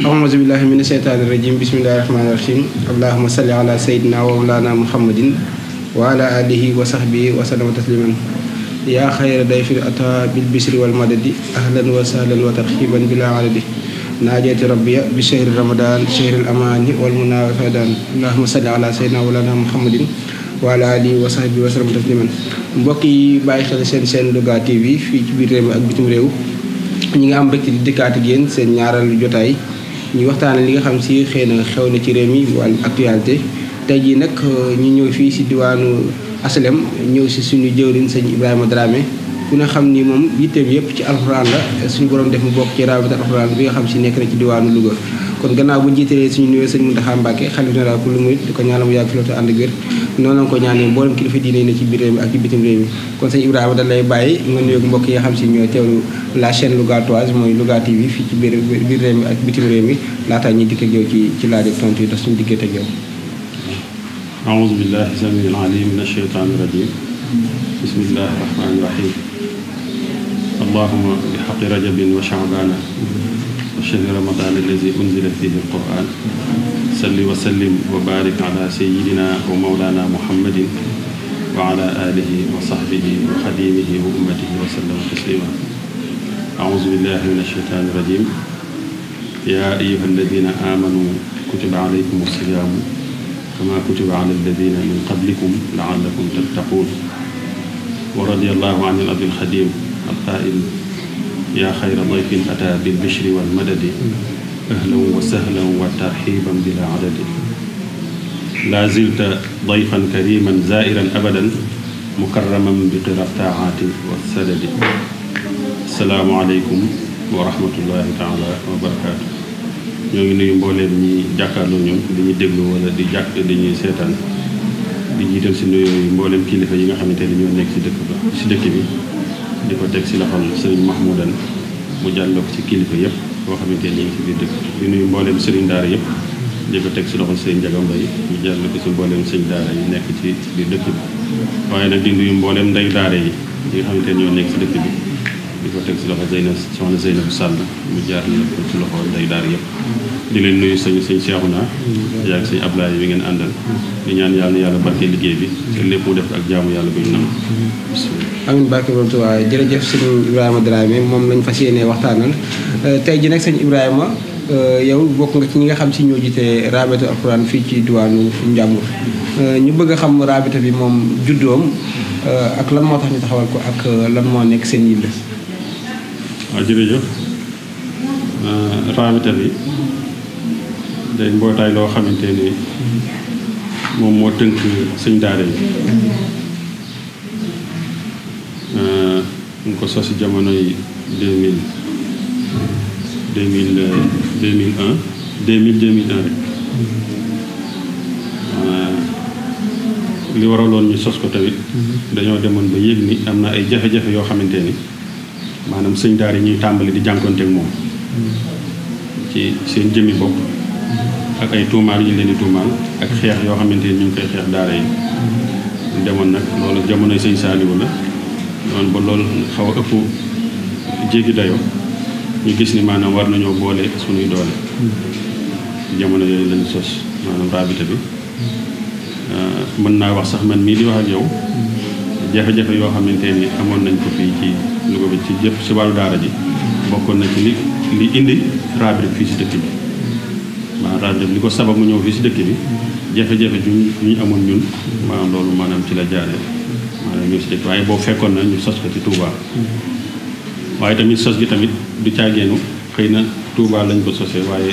أعوذ بالله من الشيطان الرجيم بسم الله الرحمن الرحيم اللهم صل على سيدنا ومولانا محمد وعلى آله وصحبه وسلم تسليما يا خير ضيف أتى بالبشر والمدد أهلا وسهلا وترحيبا بلا عدد ناجيت ربي بشهر رمضان شهر الأمان والمنى والفدان اللهم صل على سيدنا ومولانا محمد وعلى آله وصحبه وسلم تسليما mbokki باي xel سين سين Louga TV في ci biir réew ak bitim réew ñi nga am mbégte di dikkaat ak seen ñaareelu jotaay ñu waxtaanee li nga xam si xëy na xew na ci réew mi wàllu actualité tey jii nag euh, ñu ñëw fii si diwaanu Asalem ñëw si suñu jëwriñ sëñ Ibrahima Dramé ku ne xam ni moom yitteem yëpp ci alxuraan la suñu borom def mu bokk ci raabita alxuraan bi nga xam si nekk na ci diwaanu Louga. kon gannaaw bu ñu suñu nuyoo sëñ Mountakha Mbacké xalifa général ku lu murit di ko ñaanal mu yàgg fi loolu ànd ak wér noonu ko ñaanee mboolem kilifa diine ne ci biir réew mi ak ci bitim réew mi kon sëñ Ibrahima da lay bàyyi nga nuyoog mbokk yi xam si ñoo teewlu la chaîne Lougatoise mooy Louga TV fii ci biir biir réew mi ak bitim réew mi laataa ñuy dikk ak yow ci ci laaj ak tontu yi ndax suñu diggante ak yow أعوذ بالله السميع العليم من الشيطان الرجيم بسم الله الرحمن الرحيم اللهم بحق رجب وشعبان شهر رمضان الذي أنزل فيه القرآن صل وسلم وبارك على سيدنا ومولانا محمد وعلى آله وصحبه وخديمه وأمته وسلم تسليما أعوذ بالله من الشيطان الرجيم يا أيها الذين آمنوا كتب عليكم الصيام كما كتب على الذين من قبلكم لعلكم تتقون ورضي الله عن الأبي الخديم القائل يا خير ضيف أتى بالبشر والمدد أهلا وسهلا وترحيبا بلا عدد لا زلت ضيفا كريما زائرا أبدا مكرما بقرى الطاعات والسدد السلام عليكم ورحمة الله تعالى وبركاته ñoo ñuy mbolé ñi jakarlu ñu di ñi déglu wala di jak di ñi sétal di jital ci nuyu mbolé kilifa yi nga xamanteni ñoo nekk ci dëkk ba ci dëkk bi di ko teg si loxol sëriñ Mahmoudan mu jàllale ko ci kilifa yëpp koo xamante ni ñu ngi si biir dëkk di nuyu mbooleem sëriñ daara yëpp di ko teg si loxol sëriñ Njaga Mbay mu jàllale ko si mbooleem sëriñ daara yi nekk ci biir dëkk bi waaye nag di nuyu mbooleem ndey daara yi ñi nga xamante ñoo nekk si dëkk bi di ko teg ci loxo Zeynab soxna Zeynab Sall mu jaar lépp ci loxo day daar yëpp di leen nuyu sëñ naa Cheikhouna yaag sëñ Ablaye bi ngeen àndal di ñaan yàlla yàlla barke liggéey bi te lépp mu def ak jaamu yàlla buñ nam amin barke borom Tuubaa jërëjëf sëñ Ibrahima Dramé moom lañ fa yéenee waxtaanal euh, tey ji nag sëñ Ibrahima euh, yow bokk nga ci ñi nga xam si ñoo jiite raabita alxuraan fii ci diwaanu Njàmbur euh, ñu bëgg a xam raabita bi moom juddoom ak lan moo tax ñu taxawal ko ak lan moo nekk seen yilla waaw jërëjëf euh, raabita bi day mbootaay loo xamante ne moom moo tënk sëñ daara yi mu euh, ko sos si jamono yi deux mille deux mille deux mille un rek euh, li waraloon ñu sos ko tamit mhm. dañoo demoon ba yëg ni am na ay jafe-jafe yoo xamante ni manam sëñ daara yi ñuy tàmbali di jànkonteeg moom ci seen jëmmi bopp ak ay tuumaal yu leen di tuumaal ak xeex yoo xamante ñu koy xeex daara yi demoon nag loolu jamonoy sëñ Saaliwu la noonu ba loolu xaw ëpp jéggi dayoo ñu gis ni maanaam war boole suñuy doole jamono lañ sos bi ah, mën naa wax sax man mii di wax ak yow jafe-jafe yoo xamante ni amoon nañ ko fii ci Louga bi ci jëpp si wàllu daara ji bokkoon na ci li li indi RABRIK fii si dëkk bi maanaam RABRIK ko sabab mu ñëw fii si dëkk bi jafe-jafe ju ñu amoon ñun maanaam maanaam ci la jaare maanaam ñëw si dëkk waaye boo fekkoon na ñu sos ko ci Touba waaye tamit sos bi tamit du caageenu xëy na tuubaa lañ ko sosee waaye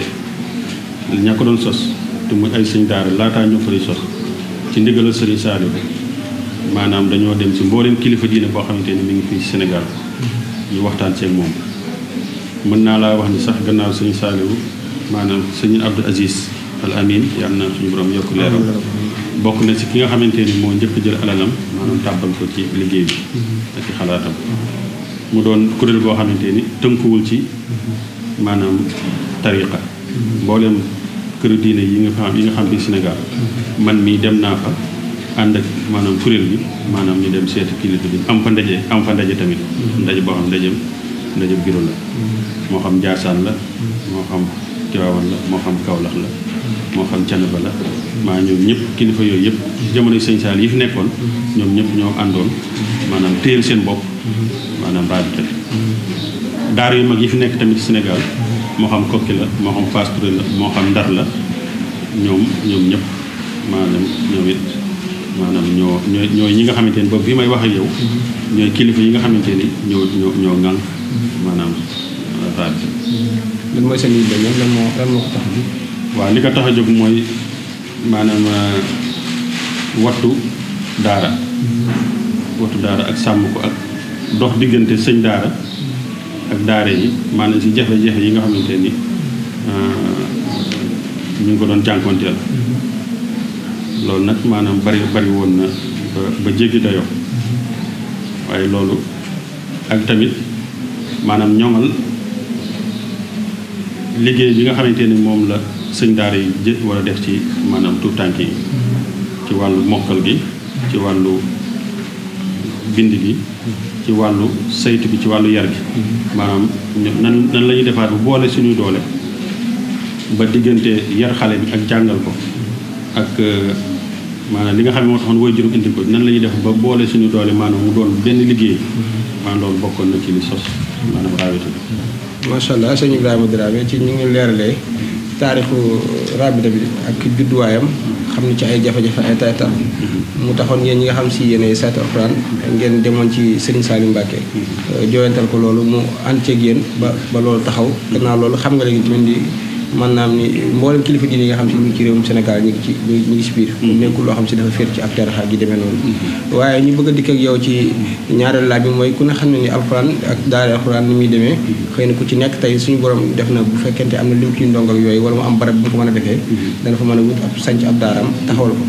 ña ko doon sos te muy ay sëñ daara laataa ñoo ko di sos ci ndigalal Sëriñ Saliou maanaam dañoo dem ci mbooleem kilifa diine boo xamante ni mi ngi fii senegal Sénégal ñu waxtaan ceeg moom mën naa laa wax ni sax gannaaw suñu Saaliwu maanaam sëñ Abdou Aziz al amin yal na suñu borom yokk leeram bokk na ci ki nga xamante ni moo njëkk jël alalam maanaam tàbbal ko ci liggéey bi ak ci xalaatam mu doon kuréel boo xamante ni tënkuwul ci maanaam tariqa mbooleem këru diine yi nga xam yi nga xam fii Sénégal man mii dem naa fa ànd ak maanaam kuréel bi maanaam ñu dem seeti kilifa bi am fa ndaje am fa ndaje tamit mm-hmm. ndaje boo xam ndajem ndajëb biro la moo xam jaasaan la mm-hmm. moo xam tiwaawan la moo xam mm-hmm. kawlax la moo xam canaba la maa ñoom ñëpp kilifa yooyu yëpp jamono sëñ Saal yi fi nekkoon ñoom ñëpp ñoo àndoon maanaam téel seen bopp maanaam raabita bi daara mag yi fi nekk tamit Sénégal moo xam kokki la moo xam Fass la moo xam ndar la ñoom ñoom ñëpp maanaam ñoom it maanaam ñoo ñooy ñooy ñi nga xamante ni boobu bi may wax ak yow ñooy kilifa yi nga xamante ni ñoo ñoo ñoo ŋànk maanaam raad lan mooy seen ko tax a jóg li ko tax a jóg mooy maanaam euh, wattu daara wattu daara ak sàmm ko ak dox diggante sëñ daara ak daara yi maanaam si jafe-jafe yi nga xamante ni euh, ñu ngi ko doon jànkonteel loolu nag maanaam bari bari woon na ba ba dayo waaye loolu ak tamit maanaam ñoŋal liggéey bi nga xamante ni moom la sëñ daara yi jë war a def ci maanaam tuut tànk yi ci wàllu mokkal gi ci wàllu bind bi ci wàllu saytu bi ci wàllu yar gi maanaam nan nan lañuy ñuy defaat bu boole suñuy doole ba diggante yar xale bi ak jàngal ko ak maanaam li nga xam ne moo taxoon woy juróom indi ko nan la ñuy def ba boole suñu doole maanaam mu doon benn liggéey maanaam loolu bokkoon na ci li sos maanaam raabita bi macha allah sëñ Ibrahima Dramé ci ñu ngi leeralee taarixu raabita bi ak judduwaayam xam ne ci ay jafe-jafe ay taytam mu taxoon yéen ñi nga xam si yéene saati alxuraan ngeen demoon ci Serigne Salim Mbacke mm-hmm. jooyantal ko loolu mu ànd ceeg yéen ba ba loolu taxaw gannaaw loolu xam nga léegi tamit di man naam ni mboolem kilifa diine yi nga xam si ñu ngi ci réewum Sénégal ñu ngi ci ñu ngi si biir mm-hmm. nekkul loo xam si dafa féer ci ab teraxa gi demee noonu mm-hmm. waaye ñu bëgg a dikk ak yow ci ñaareelu laaj bi mooy ku ne xam ne ni alxuraan ak daara alxuraan ni muy demee mm-hmm. xëy na ku ci nekk tey suñu borom def na bu fekkente am na lim ci ndongo ak yooyu wala mu am barab bu ko mën a defee dana fa mën a wut ab sanc ab daaram taxawal ko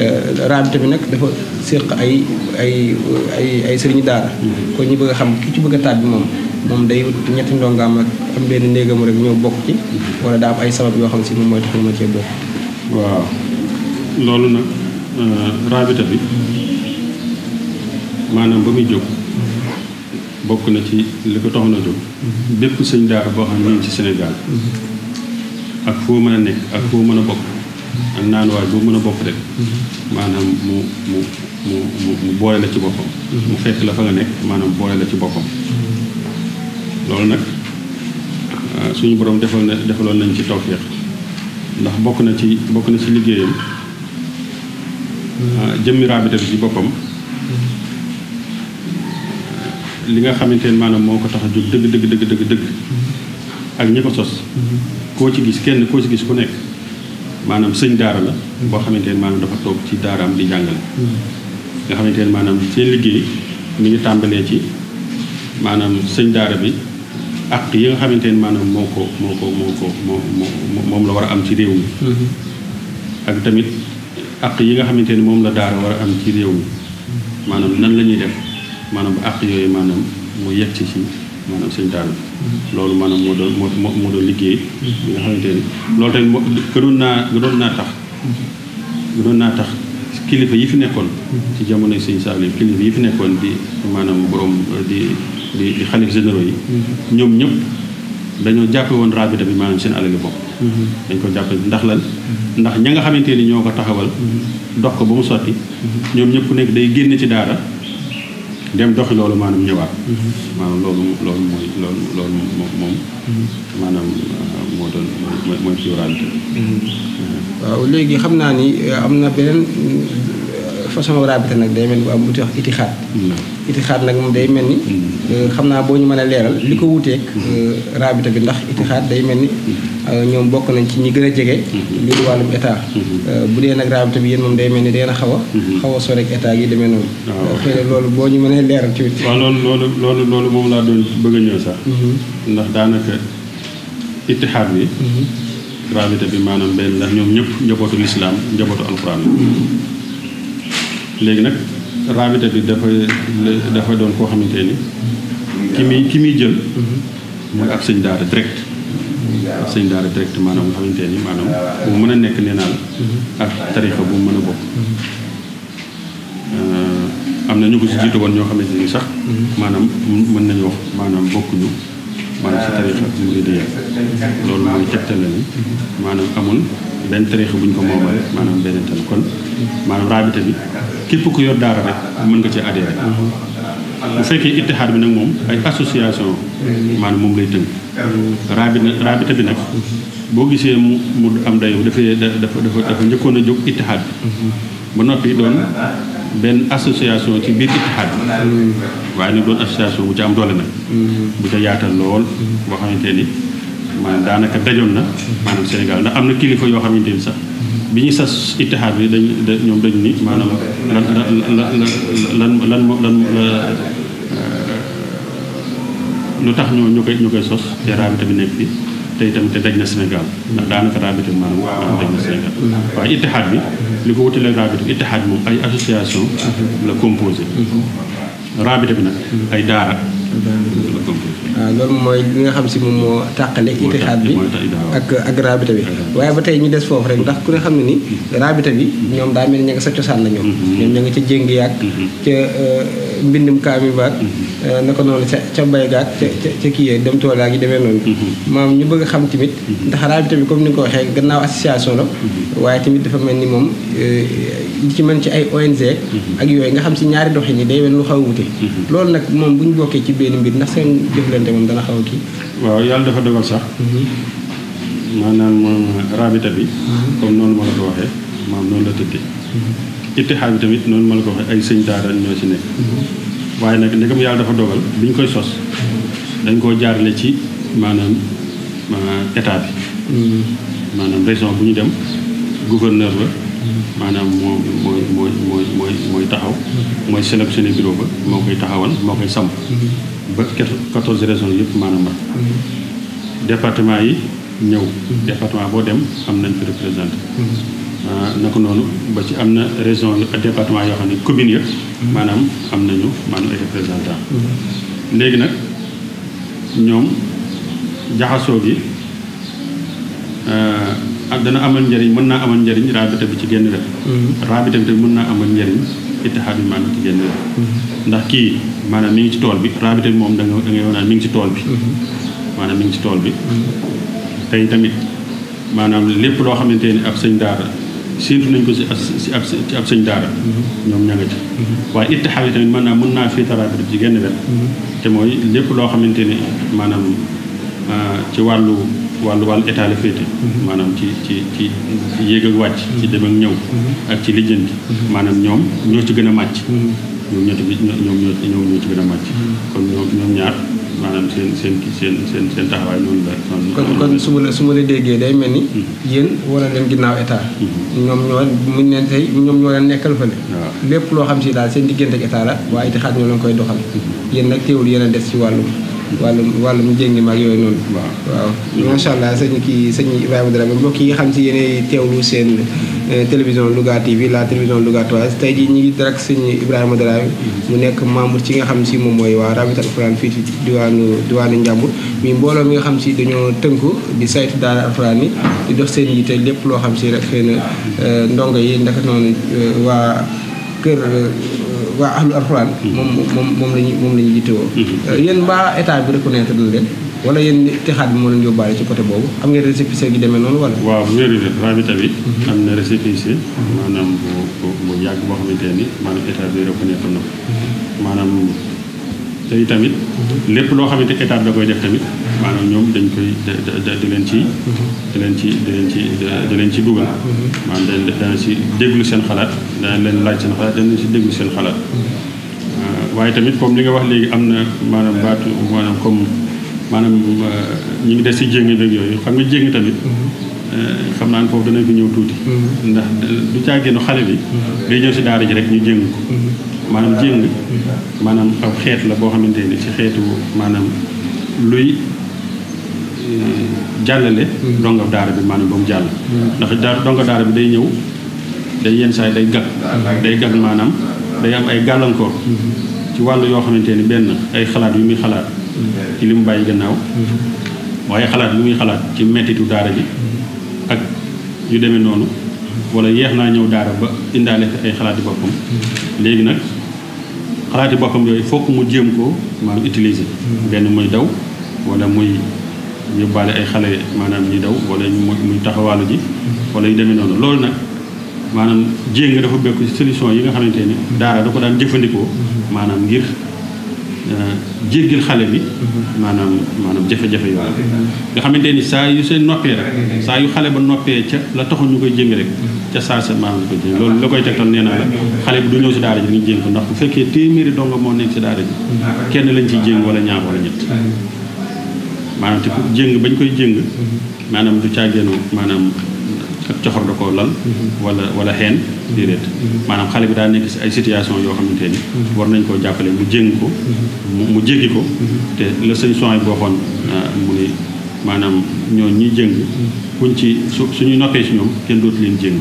euh, raabita bi nag dafa séq ay ay ay ay sëriñu daara ko ñu bëgg a xam ki ci bëgg a bi moom moom day ñetti ndongaam ak am benn néegam rek ñëw bokk ci wala daa am ay sabab yoo xam si moom mooy tax ma cee bokk waaw loolu nag euh, raabita bi maanaam ba jóg bokk na ci li a jóg bépp sëñ daara boo xam ne ñu ci Sénégal ak foo mën a nekk ak foo mën a bokk ak naan waay boo mën a bokk rek maanaam mu mu mu mu boole la ci boppam mu fekk la fa nga nekk maanaam boole la ci boppam loolu nag ah, suñu boroom defal defaloon nañ ci tawféex ndax bokk na ci bokk na ci liggéeyam ah, jëmmi raabita bi ci boppam ah, li nga xamante ne maanaam moo ko tax a jóg dëgg dëgg dëgg dëgg dëgg ak ñi ko sos koo ci gis kenn koo ci gis ku nekk maanaam sëñ daara la boo xamante ne maanaam dafa toog ci daaraam di jàngale nga xamante ne maanaam seen liggéey mi ngi tàmbalee ci maanaam sëñ daara bi ak yi nga xamante ne maanaam moo ko moo ko moo ko moom la war a am ci réew mi mm-hmm. ak tamit ak yi nga xamante ne moom la daara war a am ci réew mi maanaam nan la ñuy def maanaam ba ak yooyu maanaam mu yegg ci ci maanaam seen daara mm-hmm. loolu maanaam moo doon moo moo doon liggéey mm-hmm. bi nga xamante ne loolu tamit gënoon naa gënoon naa tax gënoon naa tax kilifa yi fi nekkoon ci jamono sëñ Saliou kilifa yi fi nekkoon bi maanaam borom di di di xalif yi mm-hmm. ñoom ñëpp dañoo jàppe woon rabita bi maanaam seen alali bopp mm-hmm. dañ ko bi ndax lan mm-hmm. ndax ña nga xamante ni ñoo ko taxawal dox ko ba mu sotti ñoom ñëpp ku nekk day génn ci daara dem doxi loolu maanaam ñëwaat maanaam loolu loolu mooy loolu moom moom maanaam euh, moo doon mooy mooy ci euh. waaw léegi xam naa ni euh, am na beneen façon raabita nag day mel ni bu am bu ñuy wax itixaat. itixaat nag moom day mel ni. Euh, xam naa boo ñu mënee leeral li ko wuteek euh, raabita bi ndax itixaat day mel ni euh, ñoom bokk nañ ci ñi gën a jege. lu dul bu dee nag raabita bi yéen moom day mel ni deen xaw a. xaw a sore ak état demee noonu. waaw ah, boo ñu mënee leeral ci. waaw loolu loolu moom laa doon bëgg a mm-hmm. ndax daanaka itixaat bi. Mm-hmm. raabita bi maanaam benn ndax ñoom ñëpp njabootu lislaam njabootu alquran léegi nag raabita bi dafay dafa doon koo xamante ni ki muy ki muy jël mooy ab sëñ daara direct ab sëñ daara direct maanaam nga ni maanaam bu mën a nekk nee naa la ak tarixa mën a bokk euh, am na ñu ko si jiitu woon ñoo xamante ni sax maanaam mën nañu wax maanaam bokkuñu maanaam si tarixa mu ngi di loolu mooy tegtale ni maanaam amul benn tariixa bu ñu ko moomale maanaam benn tam kon maanaam raabita bi képp ku yor daara rek mën nga ci adhéré bu fekkee ittihaad bi nag moom ay association maanaam moom lay tënk raabi raabita bi nag boo gisee mu mu am dayo dafay dafa dafa dafa njëkkoon a jóg ittihaad bi ba noppi doon benn association ci biir ittihaad bi waaye nag doon association bu ci am doole nag mm-hmm. bu ca yaatal lool boo xamante ni maanaam daanaka dajoon na maanaam Sénégal ndax am na kilifa yoo xamante ni sax bi ñu sas ittihaad bi dañ ñoom dañ ni maanaam lan lan lan lan lan euh, lu tax ñoo ñu koy ñu koy sos te raabita bi nekk fi te itam te daj na Sénégal ndax daanaka raabita bi maanaam maanaam daj na Sénégal waaye ittihaad bi li ko wutale raabita bi ittihaad moom ay association la composé raabita bi nag ay daara waaw ah, loolu mooy li nga xam si moom moo tàqale itixaat bi ak ak rabita bi waaye ba tey ñu des foofu rek ndax ku ne xam ne ni rabita bi ñoom daa mel ni ña nga sa cosaan la ñoom mm-hmm. ñoom ña nga ca jéngi yaag mm-hmm. ca euh, mbindum kaami baag mm-hmm. euh, naka noonu ca ca bay gaag ca ca kii yee dem toolaag yi demee noonu maam ñu bëgg a xam tamit ndax rabita bi comme ni nga ko waxee gannaaw association la waaye tamit dafa mel ni moom euh, li ci mën ci ay ONG ak yooyu nga xam si ñaari doxin yi day mel lu xaw a wute loolu nag moom bu ñu bokkee ci benn mbir ndax seen jëflante diggante moom dana xaw a kii. waaw yàlla dafa dogal sax. Mhm. maanaam moom rabita bi. Mhm. comme noonu ma la ko waxee. maam noonu la tëddee. Mhm. ittihaad bi tamit noonu ma la ko waxee ay sëñ daara ñoo ci nekk. waaye nag ndegam yàlla dafa dogal bi ñu koy sos. dañ koo jaarale ci maanaam état bi. maanaam région bu ñu dem gouverneur la. maanaam moo mooy mooy mooy mooy mooy taxaw mooy sélectionné bureau ba moo koy taxawal moo koy sàmm ba quatorze régions yëpp maanaam ma département yi ñëw mm-hmm. département boo dem am nañ fi représenté mm-hmm. ah, naka noonu ba ci am na région département yoo xam ne commune yëpp mm-hmm. maanaam am nañu maanaam ay représentant léegi nag ñoom jaxasoo gi ak ah, dana amal njëriñ mën naa amal njëriñ rabita bi ci génn rek rabita bi tamit mën naa amal njëriñ ittihaadul maanaam ci génn ndax kii maanaam mi ngi ci tool bi rabita bi moom da nga da ngay naan ngi ci tool bi maanaam mi ngi ci tool bi tey tamit maanaam lépp loo xamante ni ab sëñ daara séentu nañ ko si si ab ci ab sëñ daara ñoom ña nga ci waaye ittihaad yi tamit mën naa mën naa féete rabita bi ci génn wet te mooy lépp loo xamante ni maanaam ah, ci wàllu wàllu wàll état la féete mhm. maanaam ci ci ci yéeg ak wàcc ci mhm. dem ak ñëw mhm. ak ci lijjanti maanaam ñoom ñoo ci gën a màcc ñoom ñoo ci ñoom ñoom ci gën a màcc kon ñoom ñoom ñaar maanaam seen seen seen seen seen taxawaay noonu la. kon kon su ma la su ma la déggee day mel ni. yéen war a dem ginnaaw état. ñoom ñoo muñ leen tey ñoom ñoo leen nekkal fële. lépp loo xam si daal seen diggante ak état waaye it xaat ñoo leen koy doxal. yéen nag teewul yéen a des ci wàllum. wàll wàllum jéngi maag yooyu noonu waaw macha allah sëñ kii sëñ Ibrahima Dramé mbokk yi xam si teew teewlu seen eh, télévision Louga TV la télévision lougatoise tey jii ñu ngi dara Ibrahima Dramé mu nekk membre ci nga xam si moom mooy waa Rabita Alxuraan fii ci diwaanu diwaanu Njàmbur mi mbooloo mi nga xam si dañoo tënku di saytu daara alxuraan yi di dox seen yitte lépp loo xam si rek xëy na eh, ndongo yi ndax noonu eh, waa kër waa ahlul alxuraan. Hmm. moom moom moom la ñuy moom la ñuy yittewoo. Hmm. Euh, yéen mbaa état bi reconnaître na leen. wala yéen itixaat bi moo leen yóbbaale ci côté boobu am ngeen récépissé gi demee noonu wala. waaw bu wér rabita bi. Hmm. am na récépissé. maanaam bu bu bu yàgg boo xamante ne maanaam état bi reconnaître na ko. maanaam tey tamit. lépp loo xamante état da koy def tamit. maanaam ñoom dañ koy di leen ci di leen ci di leen ci di leen ci dugal maanaam dañ dana si déglu seen xalaat dana leen laaj seen xalaat dana si déglu seen xalaat euh, waaye tamit comme li nga wax léegi am na maanaam baatu maanaam comme maanaam euh, ñu ngi des si jéngi beeg yooyu xam nga jéngi tamit euh, xam naa ne foofu danañ ñëw tuuti ndax du caa bi day ñëw si daara ji rek ñu jéng ko maanaam jéng aw xeet la boo xamante ni ci xeetu maanaam luy jàllale. dongo daara bi maanaam ba mu jàll. ndax daara dongo daara bi day ñëw day yenn saa yi day gag. day gag maanaam day am ay gàllankoor. ci wàllu yoo xamante ni benn ay xalaat yu muy xalaat. ci li mu bàyyi gannaaw. xalaat yu muy xalaat ci mettitu daara bi. ak yu demee noonu. wala yeex naa ñëw daara ba indaale ay xalaati boppam. léegi nag xalaati boppam yooyu fokk mu jéem ko maanaam utiliser. benn muy daw wala muy. ñu yóbbaale ay xale maanaam ñi daw wala muy taxawaalu ji wala yu demee noonu loolu nag maanaam jéng dafa bekk ci solution yi nga xamante ne daara da ko daan jëfandikoo maanaam ngir euh, jéggil xale bi maanaam maanaam jafe-jafe yooyu nga xamante ni saa yu seen noppee rek saa yu xale ba noppee ca la taxoon ñu koy jéng rek ca saa sa maanaam ko jéng loolu la koy tegtal nee naa la xale bi du ñëw si daara ji ñu jéng ko ndax bu fekkee téeméeri donga moo nekk si daara ji kenn lañ ciy jéng wala ñaar wala ñett maanaam te jéng bañ koy jéng maanaam du caageenu maanaam ak coxor da ko lal wala wala xeen déedéet maanaam xale bi daa nekk si ay situation yoo xamante ni war nañ koo jàppale mu jéng ko mu jéggi ko te la sëñ soy boo xoon ah, mu ni maanaam ñoo ñi jëng buñ ci su suñu noppee si ñoom kenn dootu leen jëng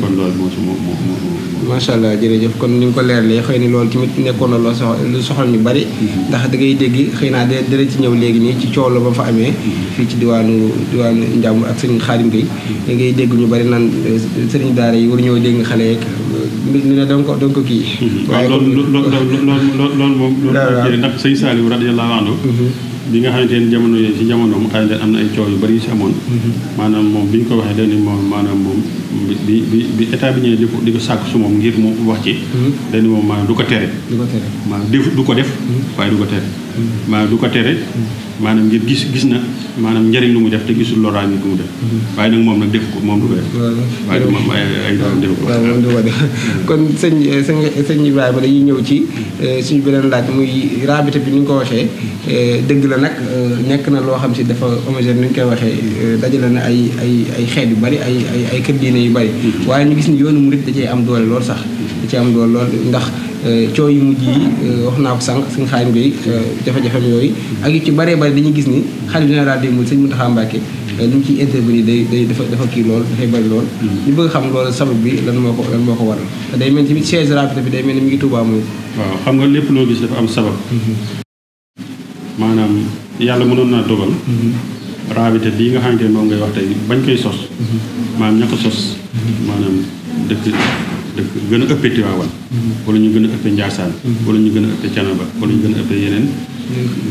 kon loolu moo su moo moo macha allah jërëjëf kon ni nga ko leeralee xëy na loolu tamit nekkoon na loo sox lu soxal ñu bari mm-hmm. ndax da ngay xëy naa dara ci ñëw léegi nii ci coow la ba fa amee mm-hmm. fii ci diwaanu diwaanu Njàmbur ak sëriñ Xaadim Gey mm-hmm. da ngay dégg ñu bari naan euh, sëriñ daara yi war ñëw dégg xale yeeg mbir euh, mi ne da nga ko da nga ko kii waaw loolu loolu loolu moom loolu ndax sëñ Saliou radiyallahu anhu bi nga xamante ne jamono yooyu jamono jamonoom xaalis am na ay coow yu bari yu si amoon. Mm-hmm. maanaam moom bi ñu ko waxee dañu moom maanaam moom bi bi bi état bi ñëwee di ko di su moom ngir mu wax ci. Mm-hmm. dañu moom maanaam du ko tere. du ko def du ko def. Mm-hmm. waaye du ko du ko maanaam ngir gis gis na maanaam njëriñ lu mu def te gisul loraange lu mu def. waaye nag moom nag def ko moom du ko def. waaye du moom ay ay doon def ko. waaw moom du ko def kon sëñ sëñ sëñ Ibrahima dañuy ñëw ci eh, suñu beneen laaj muy raabita bi ni nga ko waxee eh, dëgg la loolu nag euh, nekk na loo xam si dafa homogène ni ñu koy waxee euh, dajale na ay ay ay xeet yu bari ay ay ay kër diine yu bari mm-hmm. waaye ñu gis ni yoonu mu da cee am doole lool sax da cee am doole lool ndax euh, coow yu mujj yi wax naa ko sànq suñu xaalim bi jafe-jafem yooyu ak yu ci bëree bëri dañuy gis ni xale bi dina daal mu sëñ Mountakha Mbacké li mu ciy intervenir day day dafa dafa kii lool dafay bëri lool mm-hmm. ñu bëgg xam loolu sabab bi lan moo ko lan moo ko waral te day mel ni chaise rapide bi day mel ni mu ngi Tuubaa moom waaw xam nga lépp loo gis dafa am sabab mm-hmm. maanaam yàlla mënoon naa dogal mhm. bi yi nga xamante ne moom ngay wax tey bañ koy sos mhm. maanaam ña ko sos mhm. maanaam dëkk dëkk gën a ëppee Tiwaawan wala ñu gën a ëppee Njaasaan wala ñu gën a ëppee Canaba wala ñu gën a ëppee yeneen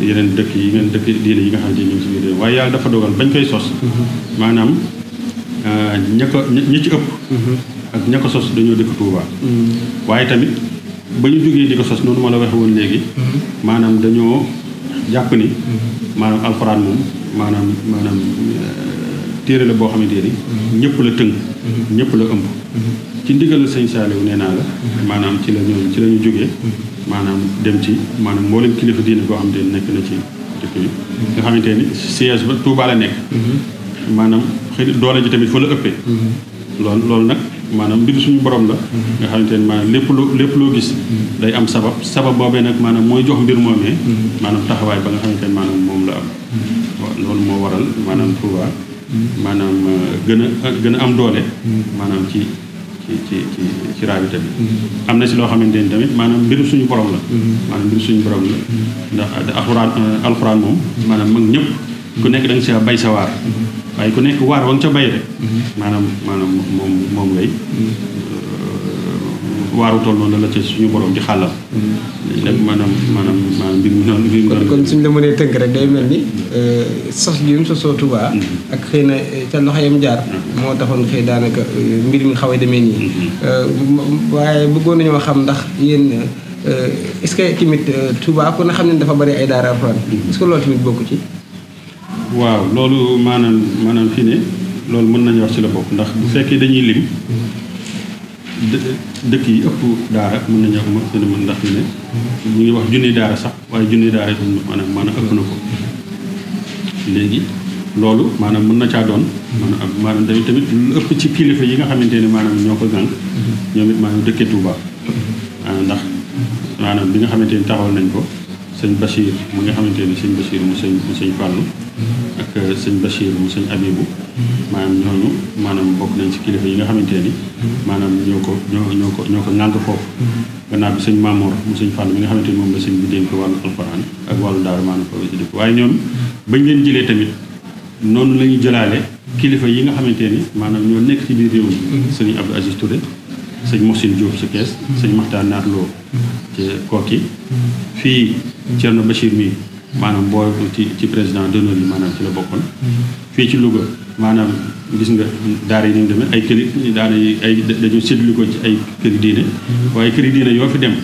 yeneen dëkk yi yeneen dëkk diine yi nga xamante ne ñu si biir waaye yàlla dafa dogal bañ koy sos maanaam euh, ña ko ña ci ëpp ak ña ko sos dañoo dëkk Tuubaa waaye tamit ba ñu jógee di ko sos noonu ma la wax woon léegi maanaam dañoo jàpp ni maanaam alxuraan moom maanaam maanaam euh, téere la boo xamante ni ñëpp la tënk ñëpp la ëmb ci ndigalu sëñ Saaliw nee naa la maanaam ci la ci la ñu jógee maanaam dem ci maanaam mboolem kilifa diine boo xamante ni nekk na ci dëkk nga xamante ni siège ba Tuubaa la nekk maanaam xëy doole ji tamit fa la ëppee mm-hmm. loolu loolu nag maanaam mbir suñu borom la nga xamante ne maanaam lépp loo lépp loo gis day am sabab sabab boobee nag maanaam mooy jox mbir moomee maanaam taxawaay ba nga xamante ne maanaam moom la am waaw loolu moo waral maanaam Touba maanaam euh, gën a gën a am doole ci ci ci ci ci raabita bi na si loo xamante ni tamit maanaam mbiru suñu borom la maanaam mbiru suñu borom la ndax alxuraan euh, alxuraan moom maanaam mag ñëpp ku nekk da nga sa bay sa waar waaye ku nekk waar wa ca bay rek maanaam maanaam moom moom ngay euh, waaru toll na la ca suñu borom di xàllal maanaam maanaam maanaam mbir mi noonu mbir mi noonu kon suñ la mënee tënk rek day mel ni euh, sos gi mu sosoo Touba mm-hmm. ak xëy na euh, ca loxo yam jaar mm-hmm. moo taxoon xëy daanaka mbir mi xaw a demee nii mm-hmm. waaye bëggoon nañoo xam ndax yéen est-ce que tamit Touba ku ne xam ne dafa bari ay daara alxuraan est-ce loolu tamit bokk ci waaw loolu maanaam maanaam fii ne loolu mën nañu wax ci la bopp ndax bu fekkee dañuy lim dëkk yi ëpp daara mën nañu wax seen mën ndax fi ne ñu ngi wax junni daara sax waaye junni daara itam maanaam maanaam ëpp na ko léegi loolu maanaam mën na caa doon maanaam maanaam tamit tamit lu ëpp ci kilifa yi nga xamante ne maanaam ñoo ko gànk ñoom it maanaam dëkkee Touba ah, ndax maanaam bi nga xamante ni taxawal nañ ko sëñ Bachir mu nga xamante ni sëñ Bachir mu sëñ mu sëñ ak euh, sëñ Bachir mu sëñ Abibu maanaam ñooñu maanaam bokk nañ ci kilifa yi nga xamante ni maanaam ñoo ko ñoo ñoo ko ñoo ko ŋànk foofu gannaaw bi sëñ Mamoor mu sëñ Fàll mi nga xamante ni moom la sëñ bi dénk wàllu alxuraan ak wàllu daara maanaam foofu ci ko waaye ñoom bañ leen jëlee tamit noonu la ñu jëlaale kilifa yi nga xamante ni maanaam ñoo nekk ci biir réew mi sëñ Abdou Aziz Touré sëñ Mohsin Diouf ci Kees sëñ naat Naarloo ci Kokki fii Thierno Bachir mii maanaam boo ci ci président d'honneur yi maanaam ci la bokkoon. fii ci Louga maanaam gis nga daar yi ni mu demee ay këri daara yi ay dañoo séddlu ko ci ay këri diine. waaye këri diine yoo fi dem.